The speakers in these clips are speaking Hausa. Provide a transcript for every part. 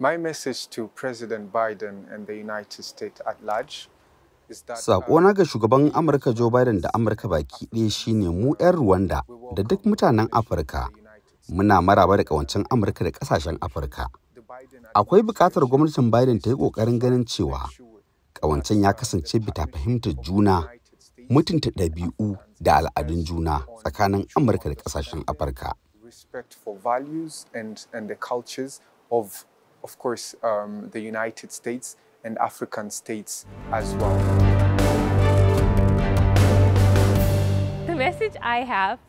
My message to President Biden and the United States at large uh, na ga shugaban Amurka Joe Biden da Amurka baki ɗaya shine mu 'yan Rwanda da duk mutanen Afirka muna maraba da ƙawancin Amurka da ƙasashen Afirka. Akwai buƙatar gwamnatin Biden ta yi ƙoƙarin ganin cewa ƙawancen ya kasance bita fahimtar juna, mutunta ɗabi'u da al'adun juna tsakanin Amurka da ƙasashen Afirka. Respect for values and, cultures of of course, um, the United States and African states as well.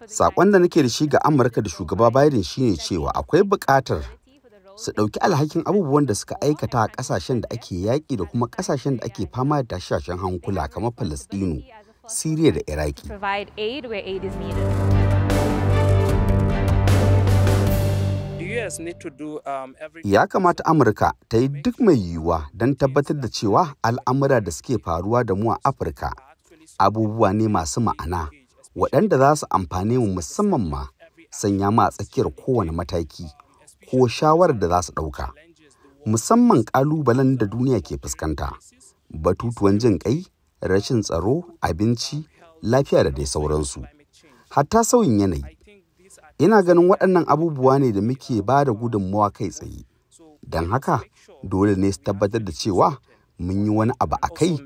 Saƙon da nake da shi ga Amurka da shugaba Biden shine cewa akwai buƙatar su ɗauki alhakin abubuwan da suka aikata a ƙasashen da ake yaƙi da kuma ƙasashen da ake fama da tashashen hankula kamar Falasɗinu, Siriya da Iraki. Um, ya kamata Amurka ta yi duk mai yiwuwa don tabbatar da cewa al'amura da suke faruwa da mu a Afirka abubuwa ne masu ma'ana waɗanda za su amfane mu musamman ma sanya ma tsakiyar kowane mataki ko shawarar da za su ɗauka. Musamman ƙalubalen da duniya ke fuskanta, batutuwan jin ƙai, rashin tsaro, abinci, lafiya da dai sauransu. Hatta sauyin yanayi. ina ganin waɗannan abubuwa ne da muke ba da gudunmawa kai tsaye don haka dole ne su tabbatar da cewa mun yi wani abu a kai